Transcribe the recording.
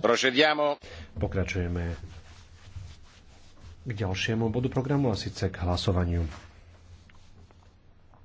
Procediamo. Pokračujeme k ďalšiemu bodu programu a síce k hlasovaniu.